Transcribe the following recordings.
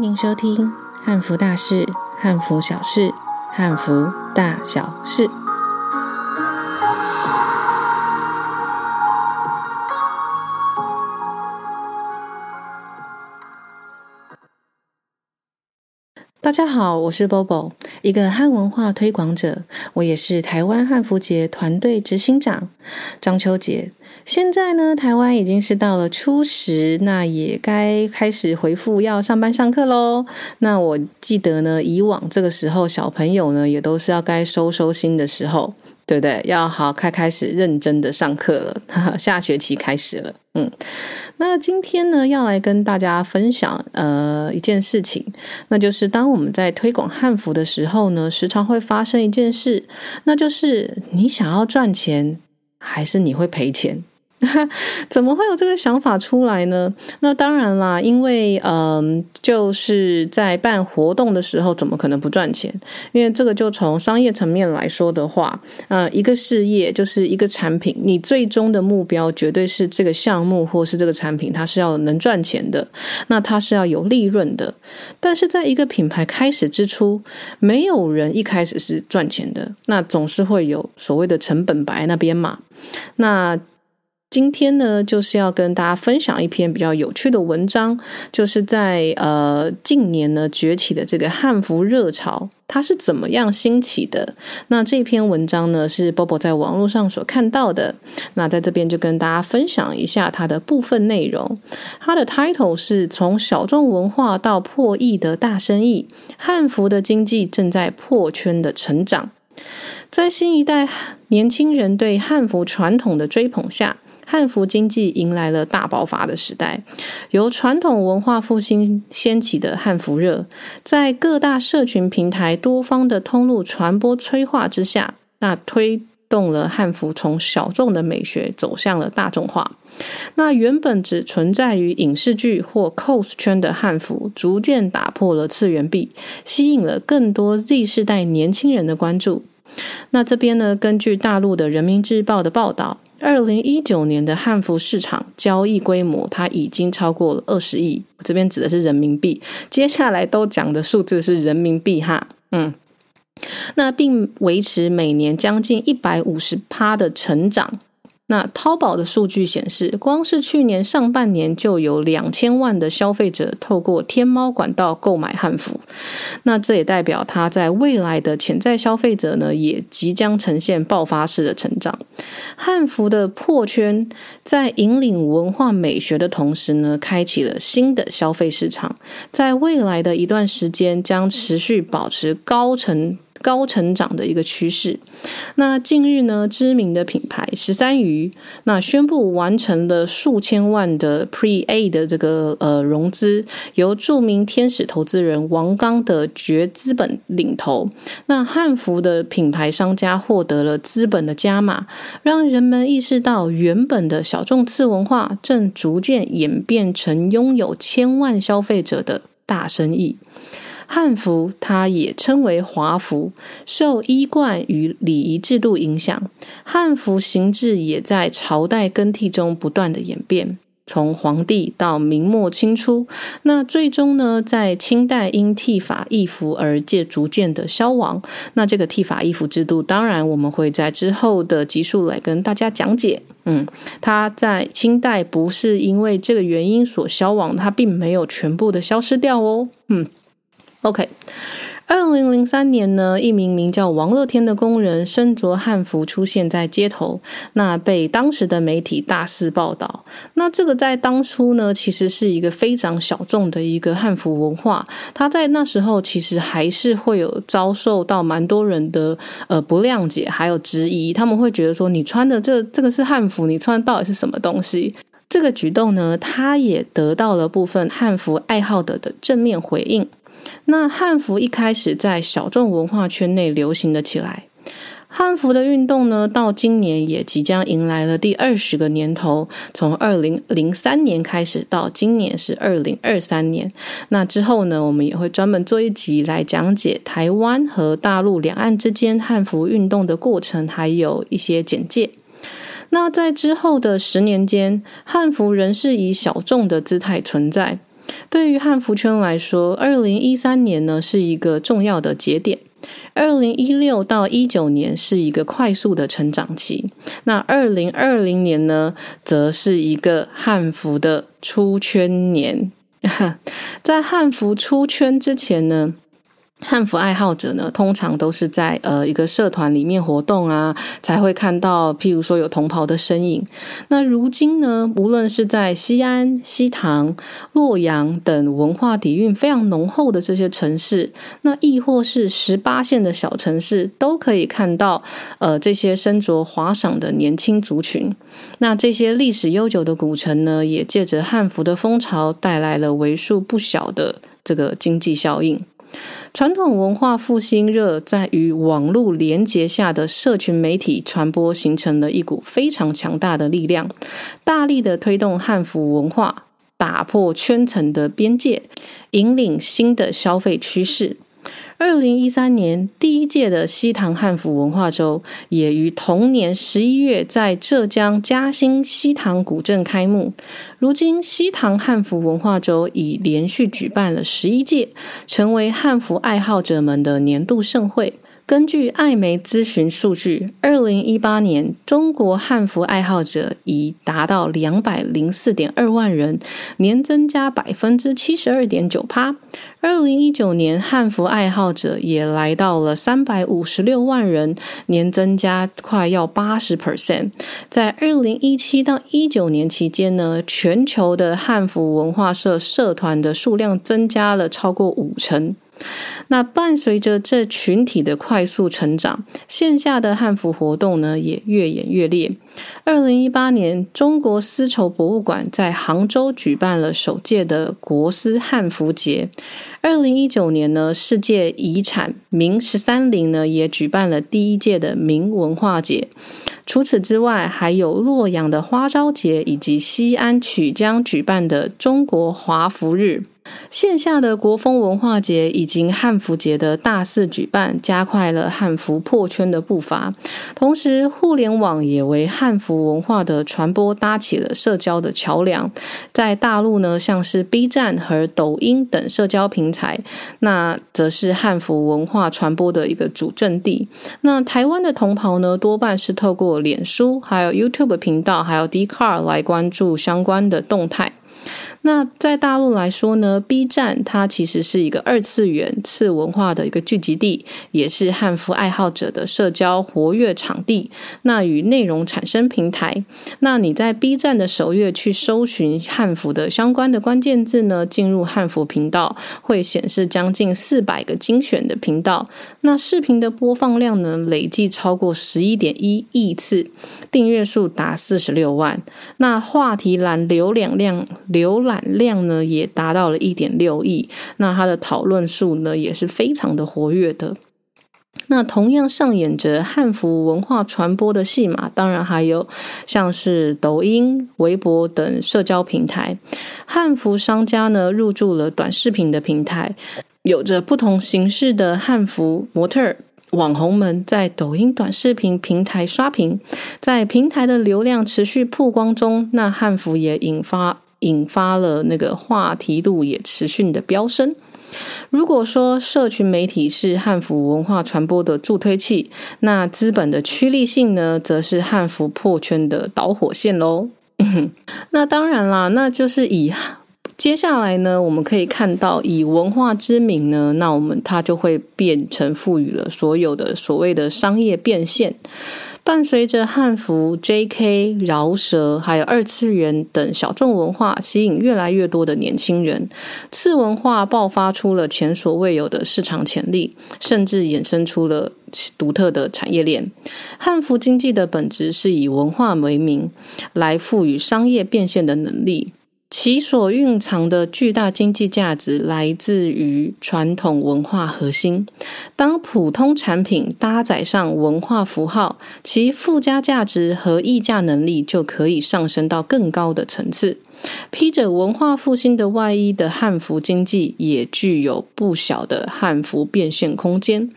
歡迎收聽《漢服大事、漢服小事、漢服大小事》。大家好，我是 Bobo。一個漢文化推廣者，我也是台灣漢服節團隊執行長張秋杰。現在呢，台灣已經是到了初十，那也該開始回復要上班上課嘍。那我記得呢，以往這個時候，小朋友呢也都是要該收收心的時候。對不對？要好開開始認真的上課了哈哈，下學期開始了。嗯，那今天呢，要來跟大家分享呃一件事情，那就是當我們在推廣漢服的時候呢，時常會發生一件事，那就是你想要賺錢，還是你會賠錢？ 怎麼會有這個想法出來呢？那當然啦，因為嗯，就是在辦活動的時候，怎麼可能不賺錢？因為這個就從商業層面來說的話，嗯、呃，一個事業就是一個產品，你最終的目標絕對是這個項目或是這個產品，它是要能賺錢的，那它是要有利潤的。但是，在一個品牌開始之初，沒有人一開始是賺錢的，那總是會有所謂的成本擺那邊嘛，那。今天呢，就是要跟大家分享一篇比較有趣的文章，就是在呃近年呢崛起的這個漢服熱潮，它是怎麼樣興起的？那這篇文章呢是 Bobo 在網絡上所看到的，那在這邊就跟大家分享一下它的部分內容。它的 title 是從小眾文化到破億的大生意，漢服的經濟正在破圈的成長，在新一代年輕人對漢服傳統的追捧下。漢服經濟迎來了大爆發的時代，由傳統文化復興掀起的漢服熱，在各大社群平台多方的通路傳播催化之下，那推動了漢服從小眾的美學走向了大眾化。那原本只存在於影視劇或 cos 圈的漢服，逐漸打破了次元壁，吸引了更多 Z 世代年輕人的關注。那這邊呢，根據大陸的《人民日報》的報道。二零一九年的漢服市場交易規模，它已經超過了二十億，我這邊指的是人民幣。接下來都講的數字是人民幣哈，嗯，那並維持每年將近一百五十趴的成長。那淘寶的數據顯示，光是去年上半年就有兩千萬的消費者透過天貓管道購買漢服，那這也代表它在未來的潛在消費者呢，也即將呈現爆發式的成長。漢服的破圈，在引領文化美學的同時呢，開啟了新的消費市場，在未來的一段時間將持續保持高成高成長的一個趨勢。那近日呢，知名的品牌十三餘那宣布完成了數千萬的 Pre A 的這個呃融資，由著名天使投資人王剛的覺資本領投。那漢服的品牌商家獲得了資本的加碼，讓人們意識到原本的小眾次文化正逐漸演變成擁有千萬消費者的大生意。漢服它也稱為華服，受衣冠與禮儀制度影響，漢服形制也在朝代更替中不斷的演變。從黃帝到明末清初，那最終呢，在清代因剃髮易服而漸逐漸的消亡。那這個剃髮易服制度，當然我們會在之後的集數來跟大家講解。嗯，它在清代不是因為這個原因所消亡，它並沒有全部的消失掉哦。嗯。OK，二零零三年呢，一名名叫王樂天的工人身着漢服出現在街頭，那被當時的媒體大肆報道。那這個在當初呢，其實是一個非常小眾的一個漢服文化。他在那時候其實還是會有遭受到蠻多人的呃不諒解，還有質疑。他們會覺得說，你穿的這這個是漢服，你穿的到底是什麼東西？這個舉動呢，他也得到了部分漢服愛好者的的正面回應。那漢服一開始在小眾文化圈內流行了起來，漢服的運動呢，到今年也即將迎來了第二十個年頭。從二零零三年開始到今年是二零二三年。那之後呢，我們也會專門做一集來講解台灣和大陸兩岸之間漢服運動的過程，還有一些簡介。那在之後的十年間，漢服仍是以小眾的姿態存在。對於漢服圈來說，二零一三年呢是一個重要的節點；二零一六到一九年是一個快速的成長期；那二零二零年呢，則是一個漢服的出圈年。 在漢服出圈之前呢。漢服愛好者呢，通常都是在呃一個社團裡面活動啊，才會看到譬如說有同袍的身影。那如今呢，無論是在西安、西塘、洛陽等文化底蘊非常濃厚的這些城市，那亦或是十八線的小城市，都可以看到呃這些身着華裳的年輕族群。那這些歷史悠久的古城呢，也借着漢服的風潮，帶來了為數不小的這個經濟效應。傳統文化復興熱，在與網絡連接下的社群媒體傳播，形成了一股非常強大的力量，大力的推動漢服文化，打破圈層的邊界，引領新的消費趨勢。二零一三年第一屆的西塘漢服文化周也於同年十一月在浙江嘉興西塘古鎮開幕。如今，西塘漢服文化周已連續舉辦了十一屆，成為漢服愛好者們的年度盛會。根據艾媒諮詢數據，二零一八年中國漢服愛好者已達到兩百零四點二萬人，年增加百分之七十二點九。二零一九年漢服愛好者也來到了三百五十六萬人，年增加快要八十 percent。在二零一七到一九年期間呢，全球的漢服文化社社團的數量增加了超過五成。那伴隨着這群體的快速成長，線下的漢服活動呢也越演越烈。二零一八年，中國絲綢博物館在杭州舉辦了首屆的國絲漢服節；二零一九年呢，世界遺產明十三陵呢也舉辦了第一屆的明文化節。除此之外，還有洛陽的花朝節以及西安曲江舉辦的中國華服日。線下的國風文化節以及漢服節的大肆舉辦，加快了漢服破圈的步伐。同時，互聯網也為漢服文化的傳播搭起了社交的橋梁。在大陸呢，像是 B 站和抖音等社交平台，那則是漢服文化傳播的一個主陣地。那台灣的同袍呢，多半是透過臉書、還有 YouTube 頻道、還有 Dcard 來關注相關的動態。那在大陸來說呢，B 站它其實是一個二次元次文化的一個聚集地，也是漢服愛好者的社交活躍場地。那與內容產生平台，那你在 B 站的首頁去搜尋漢服的相關的關鍵字呢，進入漢服頻道，會顯示將近四百個精選的頻道。那視頻的播放量呢，累計超過十一點一億次，訂閱數達四十六萬。那話題欄瀏覽量瀏覽。流版量呢也達到了一點六億，那它的討論數呢也是非常的活躍的。那同樣上演着漢服文化傳播的戲碼，當然還有像是抖音、微博等社交平台，漢服商家呢入駐了短視頻的平台，有着不同形式的漢服模特，網紅們在抖音短視頻平台刷屏，在平台的流量持續曝光中，那漢服也引發。引發了那個話題度也持續的飆升。如果說社群媒體是漢服文化傳播的助推器，那資本的趨利性呢，則是漢服破圈的導火線咯 那當然啦，那就是以接下來呢，我們可以看到以文化之名呢，那我們它就會變成賦予了所有的所謂的商業變現。伴隨着漢服、JK、饒舌，還有二次元等小眾文化，吸引越來越多的年輕人，次文化爆發出了前所未有的市場潛力，甚至衍生出了其獨特的產業鏈。漢服經濟的本質是以文化為名，來賦予商業變現的能力。其所蘊藏的巨大經濟價值來自於傳統文化核心。當普通產品搭載上文化符號，其附加價值和溢價能力就可以上升到更高的層次。披着文化復興的外衣的漢服經濟，也具有不小的漢服變現空間。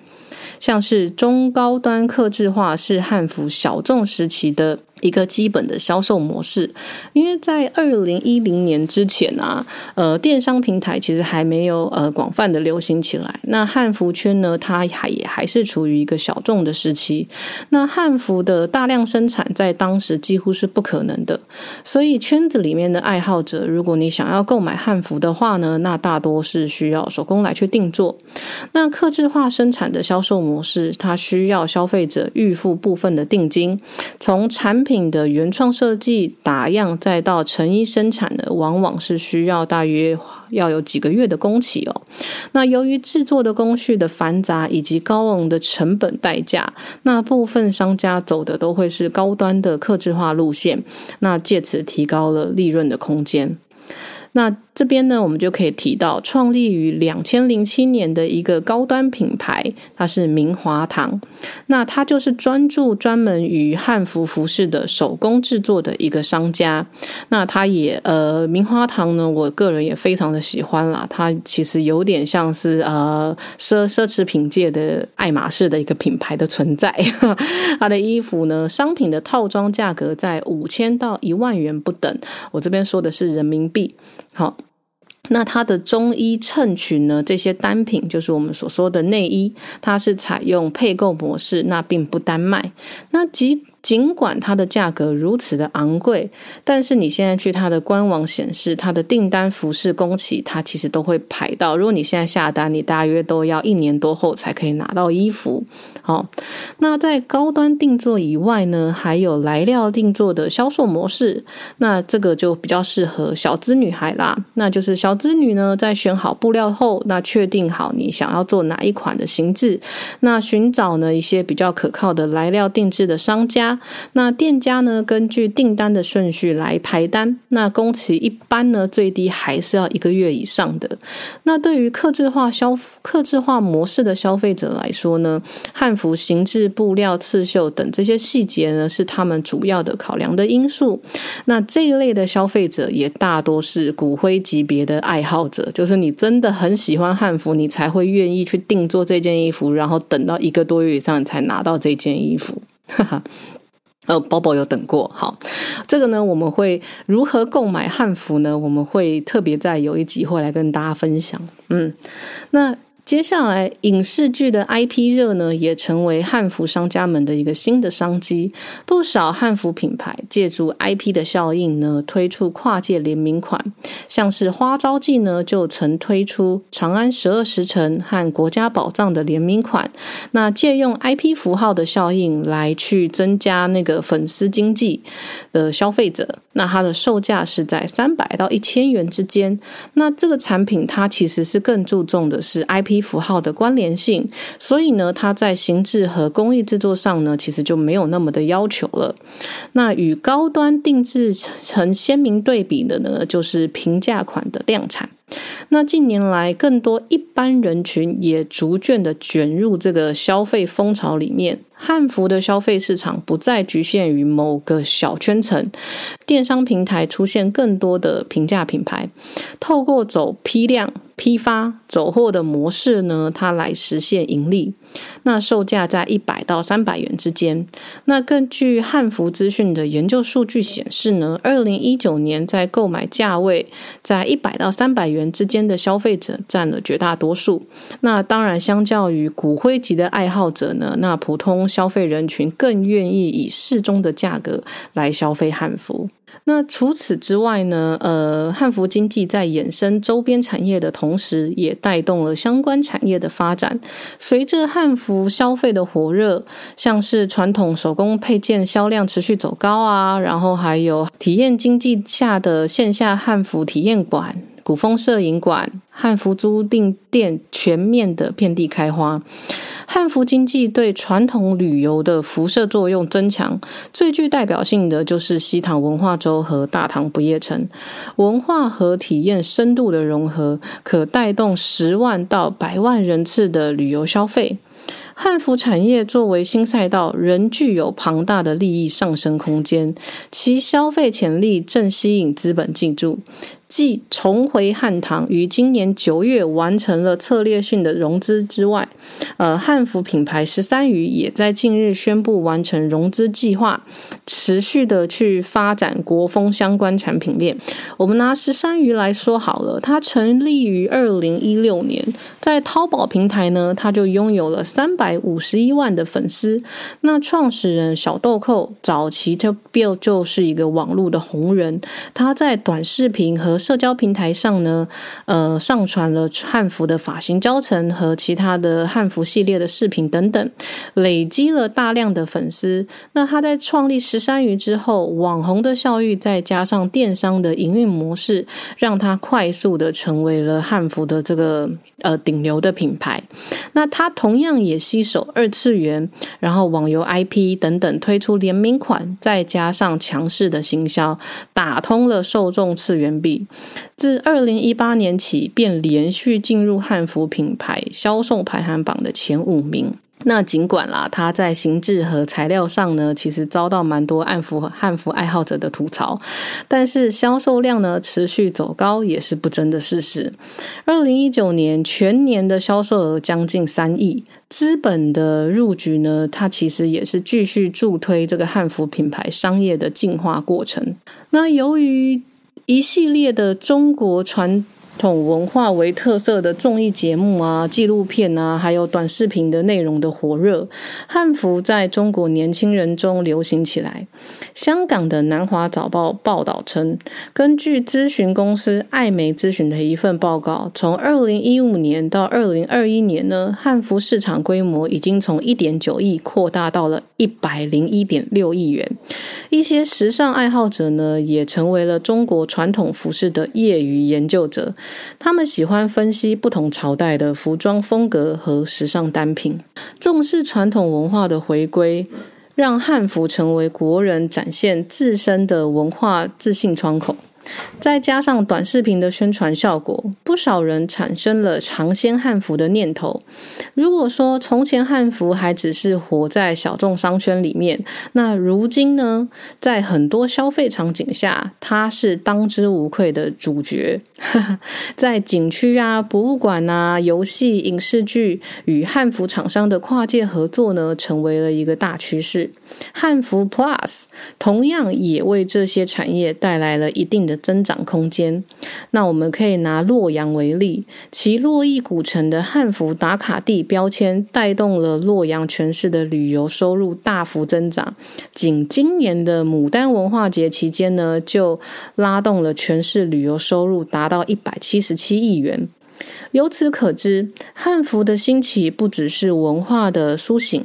像是中高端、客制化是漢服，小眾時期的。一個基本的銷售模式，因為在二零一零年之前啊，呃，電商平台其實還沒有呃廣泛的流行起來。那漢服圈呢，它還也還是處於一個小眾的時期。那漢服的大量生產在當時幾乎是不可能的，所以圈子裡面的愛好者，如果你想要購買漢服的話呢，那大多是需要手工來去定做。那客制化生產的銷售模式，它需要消費者預付部分的定金，從產品的原創設計打樣，再到成衣生產的，往往是需要大約要有幾個月的工期哦。那由於製作的工序的繁雜以及高昂的成本代價，那部分商家走的都會是高端的客製化路線，那借此提高了利潤的空間。那這邊呢，我們就可以提到創立於兩千零七年的一個高端品牌，它，是明華堂。那它就是專注專門於漢服服飾的手工制作的一個商家。那它也呃，明華堂呢，我個人也非常的喜歡啦。它其實有點像是呃奢奢侈品界的愛馬仕的一個品牌的存在。 它的衣服呢，商品，的套裝價格在五千到一萬元不等。我這邊說的是人民幣。好，那它的中衣襯裙呢，這些單品就是我們所說的內衣，它是採用配購模式，那並不單賣。那即。儘管它的價格如此的昂貴，但是你現在去它的官網顯示，它的訂單服飾工期它其實都會排到。如果你現在下單，你大約都要一年多後才可以拿到衣服。好，那在高端定做以外呢，還有來料定做的銷售模式，那這個就比較適合小資女孩啦。那就是小資女呢，在選好布料後，那確定好你想要做哪一款的形制，那尋找呢一些比較可靠的來料定制的商家。那店家呢，根據訂單的順序來排單。那工期一般呢，最低還是要一個月以上的。那對於客製化消客製化模式的消費者來說呢，漢服形制、布料、刺繡等這些細節呢，是他們主要的考量的因素。那這一類的消費者也大多是骨灰級別的愛好者，就是你真的很喜歡漢服，你才會願意去定做這件衣服，然後等到一個多月以上才拿到這件衣服。 呃，Bobo、哦、有等過，好，這個呢，我們會如何購買漢服呢？我們會特別在有一集會來跟大家分享，嗯，那。接下來，影視劇的 IP 熱呢，也成為漢服商家們的一個新的商機。不少漢服品牌借助 IP 的效應呢，推出跨界聯名款，像是花朝記呢，就曾推出《長安十二時辰》和《國家寶藏》的聯名款。那借用 IP 符號的效應來去增加那個粉絲經濟的消費者，那它的售價是在三百到一千元之間。那這個產品它其實是更注重的是 IP。符號的關聯性，所以呢，它在形制和工藝制作上呢，其實就沒有那麼的要求了。那與高端定制成鮮明對比的呢，就是平價款的量產。那近年來，更多一般人群也逐漸的卷入這個消費風潮裡面，漢服的消費市場不再局限於某個小圈層，電商平台出現更多的平價品牌，透過走批量批發走貨的模式呢，它來實現盈利。那售價在一百到三百元之間。那根據漢服資訊的研究數據顯示呢，二零一九年在購買價位在一百到三百元之間的消費者占了絕大多數。那當然，相較於骨灰級的愛好者呢，那普通消費人群更願意以適中的價格來消費漢服。那除此之外呢，呃，漢服經濟在衍生周邊產業的同時，也帶動了相關產業的發展。隨着漢服消費的火熱，像是傳統手工配件銷量持續走高啊，然後還有體驗經濟下的線下漢服體驗館。古風攝影館、漢服租賃店全面的遍地開花，漢服經濟對傳統旅遊的輻射作用增強。最具代表性的就是西塘文化周和大唐不夜城，文化和體驗深度的融合，可帶動十萬到百萬人次的旅遊消費。漢服產業作為新賽道，仍具有龐大的利益上升空間，其消費潛力正吸引資本進駐。繼重回漢唐於今年九月完成了策略性的融資之外，呃，漢服品牌十三餘也在近日宣布完成融資計劃，持續的去發展國風相關產品鏈。我們拿十三餘來說好了，它成立於二零一六年，在淘寶平台呢，它就擁有了三百五十一萬的粉絲。那創始人小豆蔻早期就便就是一個網絡的紅人，他在短視頻和社交平台上呢，呃，上傳了漢服的髮型教程和其他的漢服系列的視頻等等，累積了大量的粉絲。那他在創立十三餘之後，網紅的效益再加上電商的營運模式，讓他快速的成為了漢服的這個。呃，頂流的品牌，那它同樣也攜手二次元，然後網遊 IP 等等推出聯名款，再加上強勢的行銷，打通了受眾次元壁。自二零一八年起，便連續進入漢服品牌銷售排行榜的前五名。那儘管啦，它在形制和材料上呢，其實遭到蠻多漢服和漢服愛好者的吐槽，但是銷售量呢持續走高也是不爭的事實。二零一九年全年的銷售額將近三億，資本的入局呢，它其實也是繼續助推這個漢服品牌商業的進化過程。那由於一系列的中國傳統文化為特色的綜藝節目啊、紀錄片啊，還有短視頻的內容的火熱，漢服在中國年輕人中流行起來。香港的南華早報報道稱，根據諮詢公司艾媒諮詢的一份報告，從二零一五年到二零二一年呢，漢服市場規模已經從一點九億擴大到了一百零一點六億元。一些時尚愛好者呢，也成為了中國傳統服飾的業餘研究者。他們喜歡分析不同朝代的服裝風格和時尚單品，重視傳統文化的回歸，讓漢服成為國人展現自身的文化自信窗口。再加上短視頻的宣傳效果，不少人產生了嘗鮮漢服的念頭。如果說從前漢服還只是活在小眾商圈裡面，那如今呢，在很多消費場景下，它是當之無愧的主角。 在景區啊、博物館啊、遊戲、影視劇與漢服廠商的跨界合作呢，成為了一個大趨勢。漢服 Plus 同樣也為這些產業帶來了一定的。增長空間。那我們可以拿洛陽為例，其洛邑古城的漢服打卡地標籤，帶動了洛陽全市的旅遊收入大幅增長。僅今年的牡丹文化節期間呢，就拉動了全市旅遊收入達到一百七十七億元。由此可知，漢服的興起不只是文化的甦醒。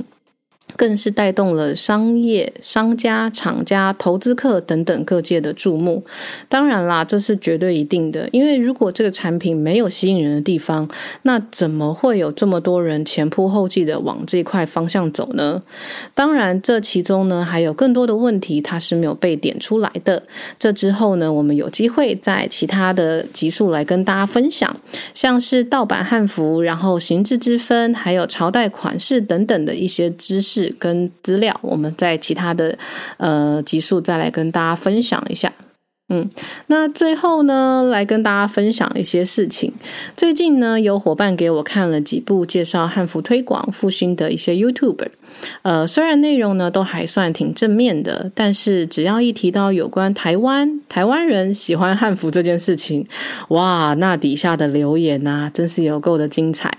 更是帶動了商業、商家、廠家、投資客等等各界的注目。當然啦，這是絕對一定的，因為如果這個產品沒有吸引人的地方，那怎麼會有這麼多人前仆後繼的往這塊方向走呢？當然，這其中呢還有更多的問題它是沒有被點出來的。這之後呢，我們有機會在其他的集數來跟大家分享，像是盜版漢服，然後形制之分，還有朝代款式等等的一些知識。跟資料，我們在其他的呃集數再來跟大家分享一下。嗯，那最後呢，來跟大家分享一些事情。最近呢，有夥伴給我看了幾部介紹漢服推廣復興的一些 YouTube。呃，雖然內容呢都還算挺正面的，但是只要一提到有關台灣台灣人喜歡漢服這件事情，哇，那底下的留言吶、啊，真是有夠的精彩。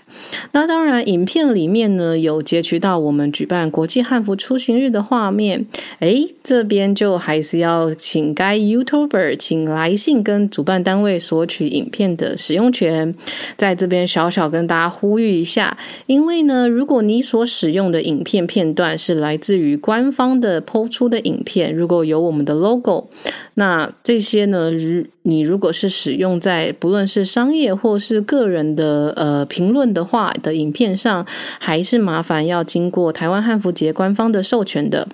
那當然，影片裡面呢有截取到我們舉辦國際漢服出行日的畫面，哎，這邊就還是要請該 YouTuber 請來信跟主辦單位索取影片的使用權，在這邊小小跟大家呼籲一下，因為呢，如果你所使用的影片。片段是來自於官方的拋出的影片，如果有我們的 logo，那這些呢，如你如果是使用在不論是商業或是個人的呃評論的話的影片上，還是麻煩要經過台灣漢服節官方的授權的。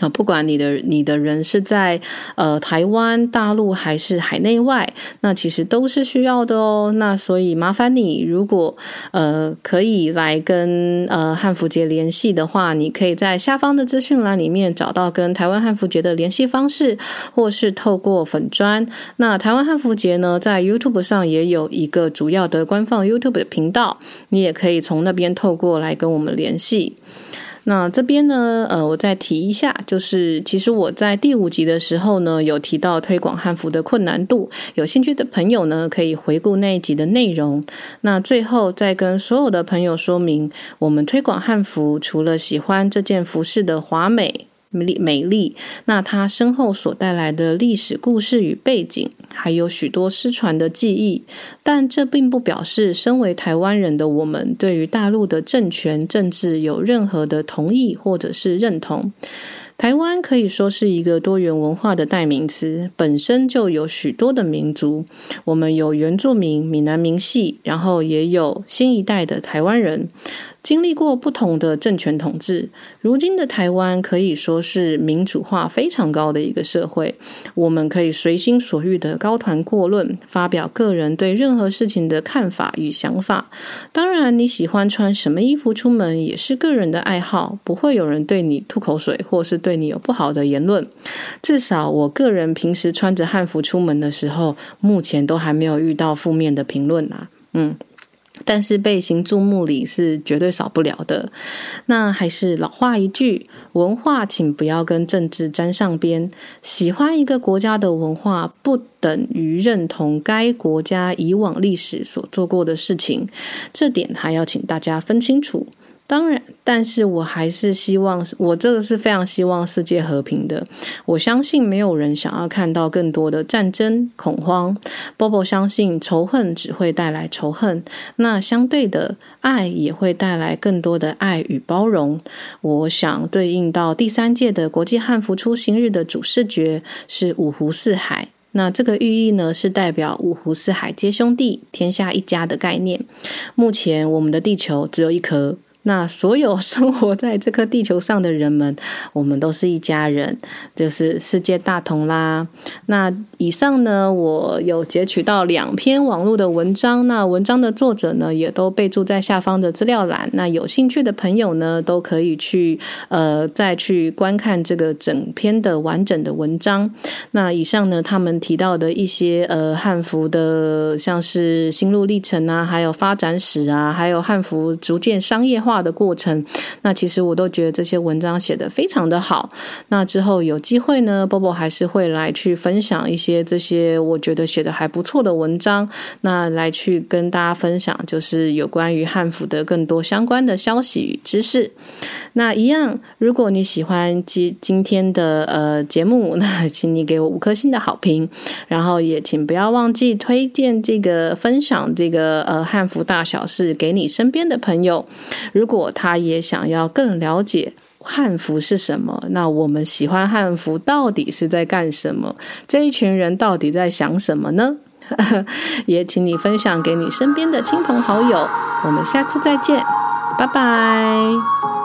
啊，不管你的你的人是在呃台灣、大陸還是海內外，那其實都是需要的哦。那所以麻煩你，如果呃可以來跟呃漢服節聯繫的話，你可以在下方的資訊欄裡面找到跟台灣漢服節的聯繫方式，或是透過粉專。那台灣漢服節呢，在 YouTube 上也有一個主要的官方 YouTube 的頻道，你也可以從那邊透過來跟我們聯繫。那這邊呢，呃，我再提一下，就是其實我在第五集的時候呢，有提到推廣漢服的困難度，有興趣的朋友呢，可以回顧那一集的內容。那最後再跟所有的朋友說明，我們推廣漢服除了喜歡這件服飾的華美。美麗，那它身後所帶來的歷史故事與背景，還有許多失傳的記憶，但這並不表示身為台灣人的我們，對於大陸的政權政治有任何的同意或者是認同。台灣可以說是一個多元文化的代名詞，本身就有許多的民族，我們有原住民、閩南民系，然後也有新一代的台灣人。經歷過不同的政權統治，如今的台灣可以說是民主化非常高的一個社會。我們可以隨心所欲的高談闊論，發表個人對任何事情的看法與想法。當然，你喜歡穿什麼衣服出門也是個人的愛好，不會有人對你吐口水或是對你有不好的言論。至少我個人平時穿着漢服出門的時候，目前都還沒有遇到負面的評論啊。嗯。但是被行注目禮是絕對少不了的。那還是老話一句，文化請不要跟政治沾上邊。喜歡一個國家的文化，不等於認同該國家以往歷史所做過的事情。這點還要請大家分清楚。當然，但是我還是希望，我這個是非常希望世界和平的。我相信沒有人想要看到更多的戰爭恐慌。Bobo 相信仇恨只會帶來仇恨，那相對的愛也會帶來更多的愛與包容。我想對應到第三屆的國際漢服出行日的主視覺是五湖四海，那這個寓意呢是代表五湖四海皆兄弟，天下一家的概念。目前我們的地球只有一顆。那所有生活在這顆地球上的人們，我們都是一家人，就是世界大同啦。那以上呢，我有截取到兩篇網絡的文章，那文章的作者呢，也都備註在下方的資料欄。那有興趣的朋友呢，都可以去呃再去觀看這個整篇的完整的文章。那以上呢，他們提到的一些呃漢服的，像是心路歷程啊，還有發展史啊，還有漢服逐漸商業化化的過程，那其實我都覺得這些文章寫得非常的好。那之後有機會呢，Bobo 還是會來去分享一些這些我覺得寫得還不錯的文章，那來去跟大家分享，就是有關於漢服的更多相關的消息與知識。那一樣，如果你喜歡今今天的呃節目，那請你給我五顆星的好評，然後也請不要忘記推薦這個分享這個呃漢服大小事給你身邊的朋友。如果他也想要更了解漢服是什麼，那我們喜歡漢服到底是在幹什麼？這一群人到底在想什麼呢？ 也請你分享給你身邊的親朋好友。我們下次再見，拜拜。